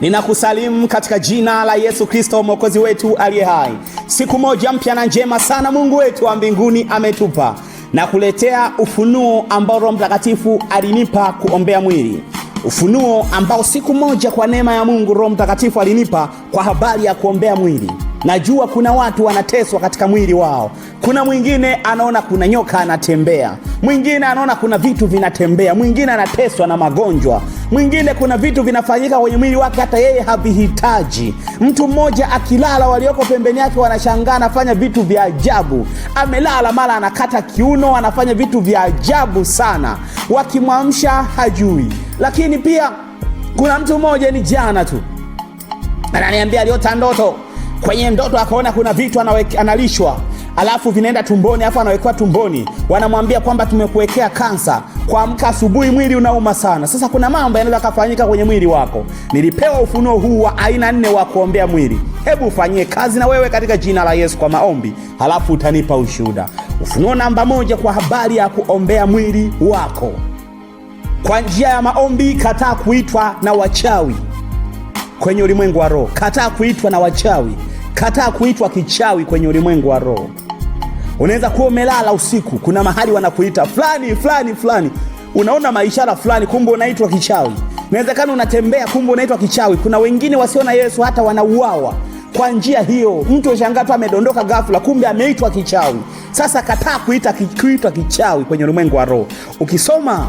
Ninakusalimu katika jina la Yesu Kristo mwokozi wetu aliye hai. Siku moja mpya na njema sana Mungu wetu wa mbinguni ametupa na kuletea ufunuo ambao Roho Mtakatifu alinipa kuombea mwili, ufunuo ambao siku moja kwa neema ya Mungu Roho Mtakatifu alinipa kwa habari ya kuombea mwili. Najua kuna watu wanateswa katika mwili wao. Kuna mwingine anaona kuna nyoka anatembea, mwingine anaona kuna vitu vinatembea, mwingine anateswa na magonjwa, mwingine kuna vitu vinafanyika kwenye mwili wake hata yeye havihitaji. Mtu mmoja akilala, walioko pembeni yake wanashangaa, anafanya vitu vya ajabu. Amelala mara anakata kiuno, anafanya vitu vya ajabu sana, wakimwamsha hajui. Lakini pia kuna mtu mmoja, ni jana tu ananiambia aliota ndoto kwenye ndoto akaona kuna vitu analishwa alafu vinaenda tumboni, alafu anawekewa tumboni, wanamwambia kwamba tumekuwekea kansa. Kuamka asubuhi mwili unauma sana. Sasa kuna mambo yanaweza kafanyika kwenye mwili wako. Nilipewa ufunuo huu wa aina nne wa kuombea mwili. Hebu ufanyie kazi na wewe katika jina la Yesu kwa maombi, halafu utanipa ushuhuda. Ufunuo namba moja kwa habari ya kuombea mwili wako kwa njia ya maombi. Kataa kuitwa na wachawi kwenye ulimwengu wa roho. Kataa kuitwa na wachawi, kataa kuitwa kichawi kwenye ulimwengu wa roho. Unaweza kuwa umelala usiku, kuna mahali wanakuita fulani fulani fulani, unaona maishara fulani, kumbe unaitwa kichawi. Inawezekana unatembea, kumbe unaitwa kichawi. Kuna wengine wasio na Yesu hata wanauawa kwa njia hiyo. Mtu ushangaa tu amedondoka ghafla, kumbe ameitwa kichawi. Sasa kataa kuita kuitwa kichawi kwenye ulimwengu wa roho. Ukisoma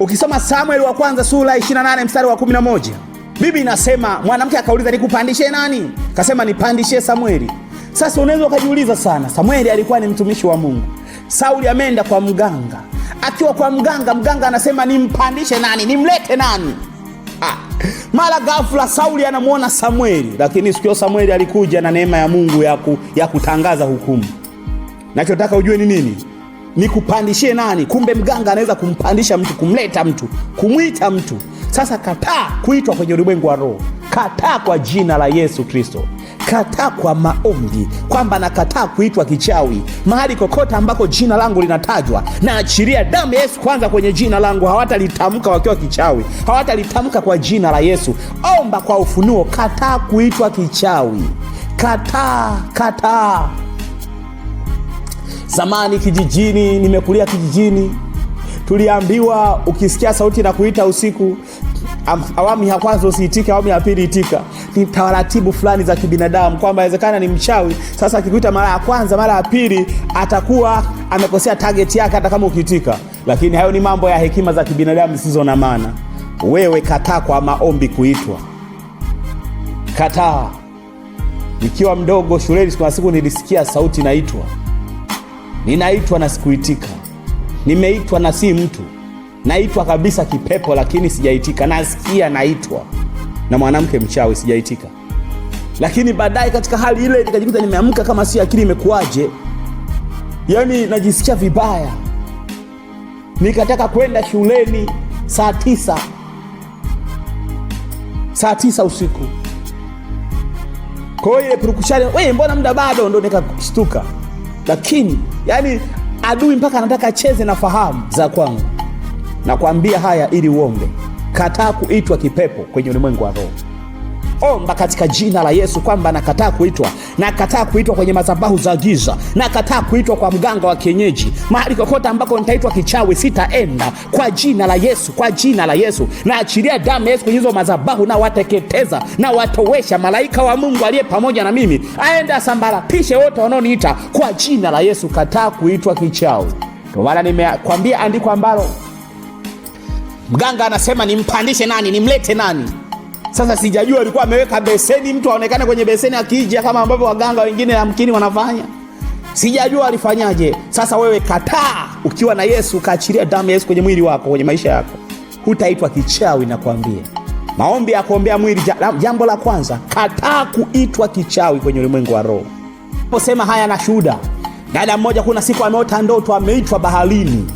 ukisoma Samueli wa kwanza sura 28 mstari wa 11 bibi inasema mwanamke akauliza, nikupandishe nani? Kasema nipandishe samweli Sasa unaweza ukajiuliza sana, samweli alikuwa ni mtumishi wa Mungu. Sauli ameenda kwa mganga, akiwa kwa mganga, mganga anasema nimpandishe nani, nimlete nani? Ha. Mara gafula Sauli anamwona samweli lakini sikio samweli alikuja na neema ya Mungu ya, ku, ya kutangaza hukumu. Nachotaka ujue ni nini? Nikupandishie nani? Kumbe mganga anaweza kumpandisha mtu, kumleta mtu, kumwita mtu sasa kataa kuitwa kwenye ulimwengu wa roho, kataa kwa jina la Yesu Kristo, kataa kwa maombi kwamba nakataa kuitwa kichawi mahali kokote ambako jina langu linatajwa, na damu ya Yesu kwanza kwenye jina langu. Hawatalitamka wakiwa kichawi, hawatalitamka kwa jina la Yesu. Omba kwa ufunuo, kataa kuitwa kichawi, kataa, kataa. Zamani kijijini, nimekulia kijijini, tuliambiwa ukisikia sauti na kuita usiku, awamu ya kwanza usiitike, awamu ya pili itika. Ni taratibu fulani za kibinadamu, kwamba inawezekana ni mchawi. Sasa akikuita mara ya kwanza, mara ya pili, atakuwa amekosea target yake, hata kama ukiitika. Lakini hayo ni mambo ya hekima za kibinadamu zisizo na maana. Wewe kataa kwa maombi kuitwa, kataa. Nikiwa mdogo shuleni, kuna siku nilisikia sauti naitwa, ninaitwa na sikuitika, nimeitwa na si mtu naitwa kabisa kipepo, lakini sijaitika. Nasikia naitwa na mwanamke mchawi, sijaitika. Lakini baadaye katika hali ile nikajikuta nimeamka kama si akili imekuaje yani najisikia vibaya. Nikataka kwenda shuleni saa tisa saa tisa usiku. Kwa hiyo ile purukushani, we mbona muda bado, ndo nikashtuka. Lakini yani adui mpaka anataka acheze na fahamu za kwangu. Nakwambia haya ili uombe. Kataa kuitwa kipepo kwenye ulimwengu wa roho. Omba katika jina la Yesu kwamba nakataa kuitwa, nakataa kuitwa kwenye madhabahu za giza, nakataa kuitwa kwa mganga wa kienyeji, mahali kokote ambako nitaitwa kichawi, sitaenda kwa jina la Yesu, kwa jina la Yesu. Naachilia damu ya Yesu kwenye hizo madhabahu, na nawatowesha. watowesha. Malaika wa Mungu aliye pamoja na mimi aende asambaratishe wote wanaoniita kwa jina la Yesu. Kataa kuitwa kichawi. Ndio maana nimekwambia andiko ambalo Mganga anasema nimpandishe nani, nimlete nani? Sasa sijajua alikuwa ameweka beseni, mtu aonekane kwenye beseni akija, kama ambavyo waganga wengine amkini wanafanya. Sijajua alifanyaje. Sasa wewe kataa, ukiwa na Yesu kaachilia damu ya Yesu kwenye mwili wako, kwenye maisha yako, hutaitwa kichawi. Nakwambia maombi ya kuombea mwili, jambo la kwanza, kataa kuitwa kichawi kwenye ulimwengu wa roho. Posema haya na shuhuda. Dada mmoja, kuna siku ameota ndoto, ameitwa baharini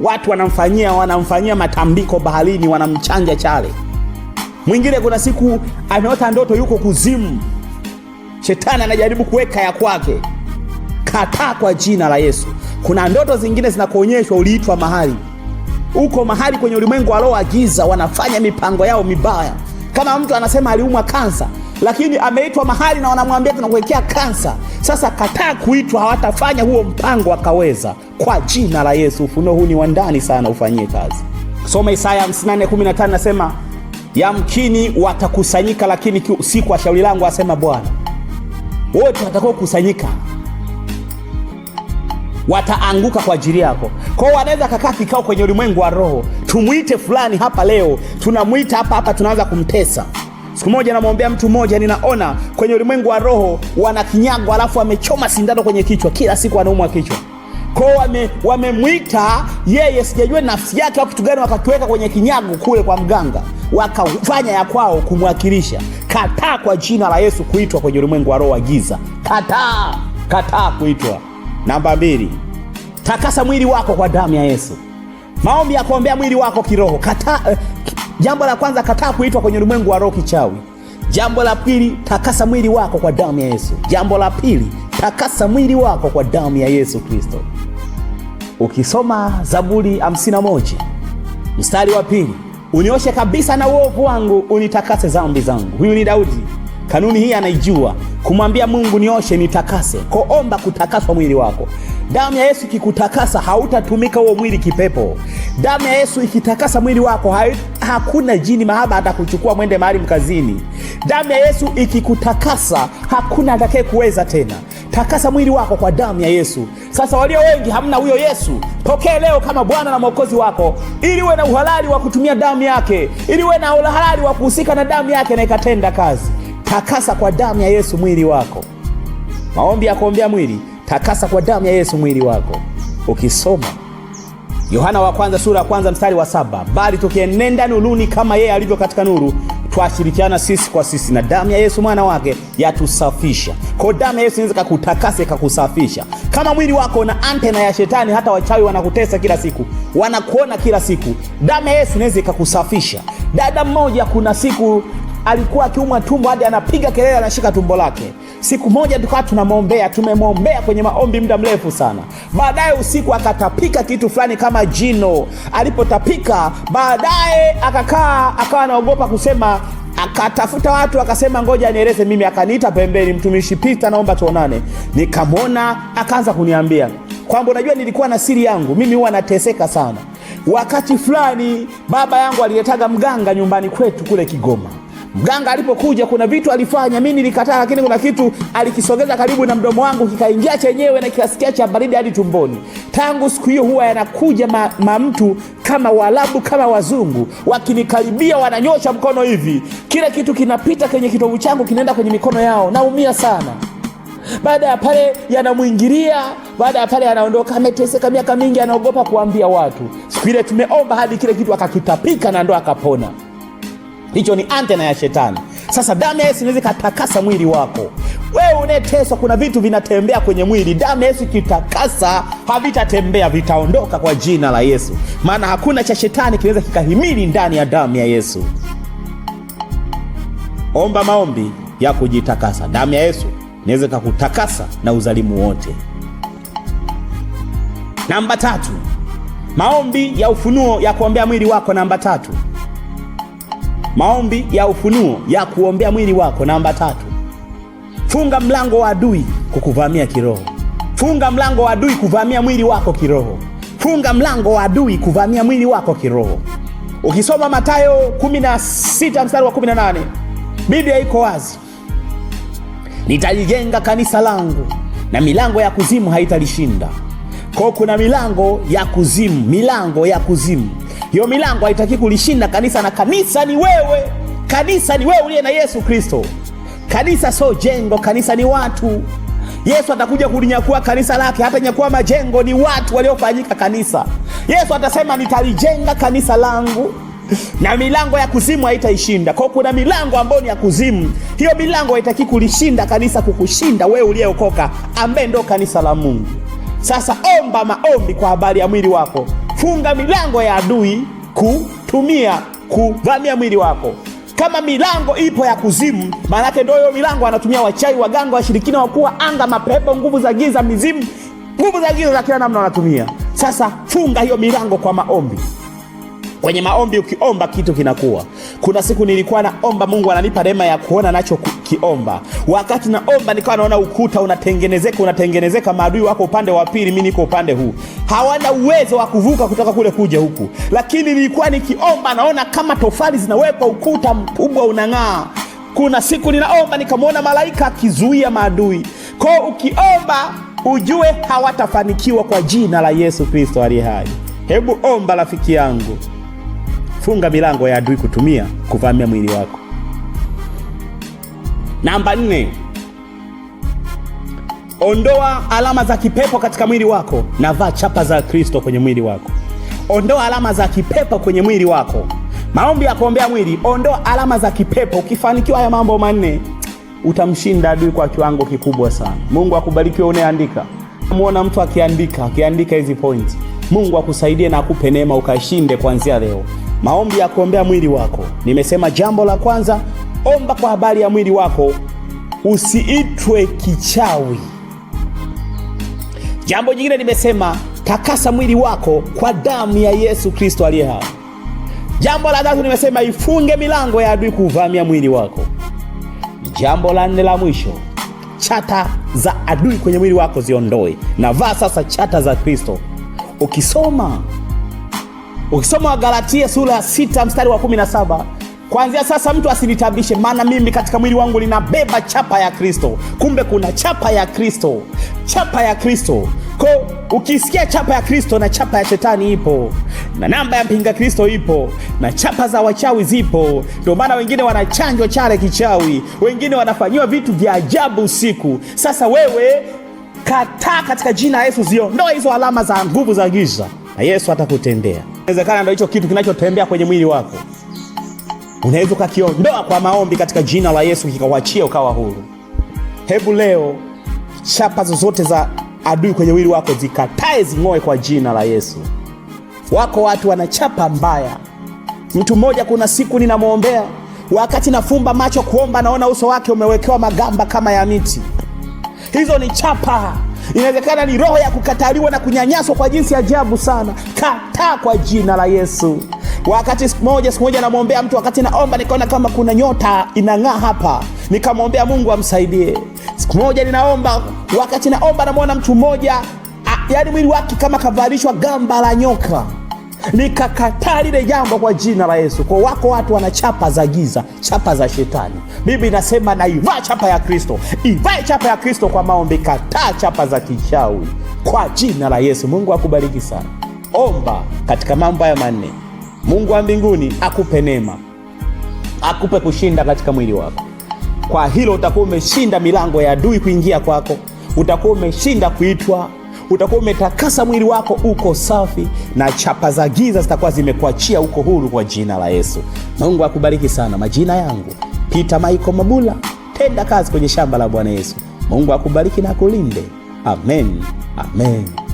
watu wanamfanyia wanamfanyia matambiko baharini, wanamchanja chale. Mwingine kuna siku ameota ndoto yuko kuzimu, shetani anajaribu kuweka ya kwake. Kataa kwa jina la Yesu. Kuna ndoto zingine zinakuonyeshwa uliitwa mahali uko mahali kwenye ulimwengu giza, wanafanya mipango yao mibaya. Kama mtu anasema aliumwa kansa, lakini ameitwa mahali na wanamwambia tunakuwekea kansa. Sasa kataa kuitwa, hawatafanya huo mpango akaweza, kwa jina la Yesu. Ufunuo huu ni wa ndani sana, ufanyie kazi. Soma Isaya 5 nasema, yamkini watakusanyika, lakini si kwa shauri langu, asema Bwana. Wote watakao wataanguka kwa ajili yako. kwao wanaweza kakaa kikao kwenye ulimwengu wa roho, tumwite fulani hapa leo, tunamwita hapa hapa, tunaanza kumtesa Siku moja namwombea mtu mmoja, ninaona kwenye ulimwengu wa roho wana kinyago alafu amechoma sindano kwenye kichwa, kila siku anaumwa kichwa kwao wamemwita wame yeye, sijajue nafsi yake au kitu gani, wakakiweka kwenye kinyago kule kwa mganga, wakafanya ya kwao kumwakilisha. Kataa kwa jina la Yesu kuitwa kwenye ulimwengu wa roho wa giza. Kataa, kataa kuitwa. Namba mbili, takasa mwili wako kwa damu ya Yesu. Maombi ya kuombea mwili wako kiroho, kataa. Eh, Jambo la kwanza, kataa kuitwa kwenye ulimwengu wa roho kichawi. Jambo la pili, takasa mwili wako kwa damu ya Yesu. Jambo la pili, takasa mwili wako kwa damu ya Yesu Kristo. Ukisoma Zaburi 51 mstari wa pili, unioshe kabisa na uovu wangu, unitakase dhambi zangu. Huyu ni Daudi. Kanuni hii anaijua kumwambia Mungu nioshe, nitakase. Koomba kutakaswa mwili wako. Damu ya Yesu ikikutakasa, hautatumika huo mwili kipepo. Damu ya Yesu ikitakasa mwili wako, hakuna jini mahaba atakuchukua mwende mahali mkazini. Damu ya Yesu ikikutakasa, hakuna atakaye kuweza tena. Takasa mwili wako kwa damu ya Yesu. Sasa walio wengi hamna huyo Yesu. Pokee leo kama Bwana na Mwokozi wako, ili uwe na uhalali wa kutumia damu yake, ili uwe na uhalali wa kuhusika na damu yake na ikatenda kazi. Takasa kwa damu ya Yesu mwili wako. Maombi ya kuombea mwili takasa kwa damu ya Yesu mwili wako. Ukisoma Yohana wa kwanza sura ya kwanza mstari wa saba bali tukienenda nuruni kama yeye alivyo katika nuru twashirikiana sisi kwa sisi, na damu ya Yesu mwana wake yatusafisha. Kwa damu ya Yesu inaweza kakutakasa ikakusafisha. Kama mwili wako na antena ya shetani, hata wachawi wanakutesa kila siku, wanakuona kila siku, damu ya Yesu inaweza ikakusafisha. Dada mmoja, kuna siku alikuwa akiumwa tumbo hadi anapiga kelele, anashika tumbo lake Siku moja tukawa tunamwombea, tumemwombea kwenye maombi muda mrefu sana. Baadaye usiku akatapika kitu fulani kama jino. Alipotapika baadaye akakaa, akawa anaogopa kusema akatafuta watu akasema, ngoja nieleze mimi. Akaniita pembeni, mtumishi Pita, naomba tuonane. Nikamwona, akaanza kuniambia kwamba unajua, nilikuwa na siri yangu, mimi huwa nateseka sana. Wakati fulani baba yangu aliletaga mganga nyumbani kwetu kule Kigoma Mganga alipokuja kuna vitu alifanya, mimi nilikataa, lakini kuna kitu alikisogeza karibu na mdomo wangu kikaingia chenyewe na kikasikia cha baridi hadi tumboni. Tangu siku hiyo huwa yanakuja ma, ma mtu kama Waarabu kama Wazungu, wakinikaribia wananyosha mkono hivi, kila kitu kinapita kwenye kitovu changu kinaenda kwenye mikono yao, naumia sana. Baada ya pale yanamwingilia, baada ya pale anaondoka, ameteseka miaka mingi, anaogopa kuambia watu. Siku ile tumeomba hadi kile kitu akakitapika na ndo akapona. Hicho ni antena ya shetani. Sasa damu ya Yesu inaweza ikatakasa mwili wako wewe unayeteswa. Kuna vitu vinatembea kwenye mwili, damu ya Yesu ikitakasa havitatembea, vitaondoka kwa jina la Yesu, maana hakuna cha shetani kinaweza kikahimili ndani ya damu ya Yesu. Omba maombi ya kujitakasa. Damu ya Yesu inaweza ikakutakasa na uzalimu wote. Namba tatu, maombi ya ufunuo ya kuombea mwili wako. Namba tatu maombi ya ufunuo ya kuombea mwili wako. Namba tatu, funga mlango wa adui kukuvamia kiroho. Funga mlango wa adui kuvamia mwili wako kiroho. Funga mlango wa adui kuvamia mwili wako kiroho. Ukisoma Mathayo 16 mstari wa 18, Biblia iko wazi, nitalijenga kanisa langu na milango ya kuzimu haitalishinda. Kwa kuna milango ya kuzimu, milango ya kuzimu hiyo milango haitaki kulishinda kanisa, na kanisa ni wewe. Kanisa ni wewe uliye na Yesu Kristo. Kanisa sio jengo, kanisa ni watu. Yesu atakuja kulinyakua kanisa lake, hata nyakua majengo, ni watu waliofanyika kanisa. Yesu atasema nitalijenga kanisa langu na milango ya kuzimu haitaishinda. Kwa kuna milango ambayo ni ya kuzimu, hiyo milango haitaki kulishinda kanisa, kukushinda wewe uliyeokoka, ambaye ndo kanisa la Mungu. Sasa omba maombi kwa habari ya mwili wako funga milango ya adui kutumia kuvamia mwili wako. Kama milango ipo ya kuzimu, maanake ndio hiyo milango anatumia wachawi, waganga, washirikina, wakuwa anga, mapepo, nguvu za giza, mizimu, nguvu za giza za kila namna wanatumia. Sasa funga hiyo milango kwa maombi. Kwenye maombi ukiomba kitu kinakuwa. Kuna siku nilikuwa naomba, Mungu ananipa neema ya kuona nacho kiomba. Wakati naomba nikawa naona ukuta unatengenezeka, unatengenezeka, maadui wako upande wa pili, mimi niko upande huu, hawana uwezo wa kuvuka kutoka kule kuja huku. Lakini nilikuwa nikiomba, naona kama tofali zinawekwa, ukuta mkubwa unang'aa. Kuna siku ninaomba nikamwona malaika akizuia maadui. Kwao ukiomba ujue hawatafanikiwa kwa jina la Yesu Kristo aliye hai. Hebu omba rafiki yangu funga milango ya adui kutumia kuvamia mwili wako. Namba nne, ondoa alama za kipepo katika mwili wako na vaa chapa za Kristo kwenye mwili wako. Ondoa alama za kipepo kwenye mwili wako. Maombi ya kuombea mwili, ondoa alama za kipepo. Ukifanikiwa haya mambo manne, utamshinda adui kwa kiwango kikubwa sana. Mungu akubariki wewe unayeandika. Muona mtu akiandika akiandika hizi points, Mungu akusaidie na akupe neema ukashinde kuanzia leo. Maombi ya kuombea mwili wako. Nimesema jambo la kwanza, omba kwa habari ya mwili wako, usiitwe kichawi. Jambo jingine nimesema, takasa mwili wako kwa damu ya Yesu Kristo aliye hai. Jambo la tatu nimesema, ifunge milango ya adui kuvamia mwili wako. Jambo la nne la mwisho, chata za adui kwenye mwili wako ziondoe. Na vaa sasa chata za Kristo ukisoma Ukisoma Galatia sura ya sita mstari wa kumi na saba sasa mtu asinitabishe, maana mimi katika mwili wangu linabeba chapa ya Kristo. Kumbe kuna chapa ya Kristo, chapa ya Kristo. Ko ukisikia chapa ya Kristo, na chapa ya shetani ipo, na namba ya mpinga Kristo ipo, na chapa za wachawi zipo. Ndio maana wengine wanachanjwa chale kichawi, wengine wanafanyiwa vitu vya ajabu usiku. Sasa wewe kataa katika jina ya Yesu, ziondoa hizo alama za nguvu za giza, na Yesu atakutendea. Inawezekana ndio hicho kitu kinachotembea kwenye mwili wako, unaweza ukakiondoa kwa maombi katika jina la Yesu, kikawachia ukawa huru. Hebu leo chapa zozote za adui kwenye mwili wako zikatae, zing'oe kwa jina la Yesu. Wako watu wana chapa mbaya. Mtu mmoja, kuna siku ninamwombea, wakati nafumba macho kuomba, naona uso wake umewekewa magamba kama ya miti. Hizo ni chapa. Inawezekana ni roho ya kukataliwa na kunyanyaswa kwa jinsi ajabu sana. Kataa kwa jina la Yesu. Wakati siku moja siku moja namwombea mtu, wakati naomba nikaona kama kuna nyota inang'aa hapa, nikamwombea Mungu amsaidie. Siku moja ninaomba, wakati naomba namwona mtu mmoja, yaani mwili wake kama kavalishwa gamba la nyoka nikakataa lile jambo kwa jina la Yesu. Kwa wako watu wana chapa za giza, chapa za shetani. Mimi nasema naivaa chapa ya Kristo, ivae chapa ya Kristo kwa maombi. Kataa chapa za kichawi kwa jina la Yesu. Mungu akubariki sana. Omba katika mambo haya manne, Mungu wa mbinguni akupe neema, akupe kushinda katika mwili wako. Kwa hilo utakuwa umeshinda milango ya adui kuingia kwako, utakuwa umeshinda kuitwa utakuwa umetakasa mwili wako, uko safi na chapa za giza zitakuwa zimekuachia, uko huru kwa jina la Yesu. Mungu akubariki sana. Majina yangu pita maiko Mabula, tenda kazi kwenye shamba la Bwana Yesu. Mungu akubariki na kulinde. Amen, amen.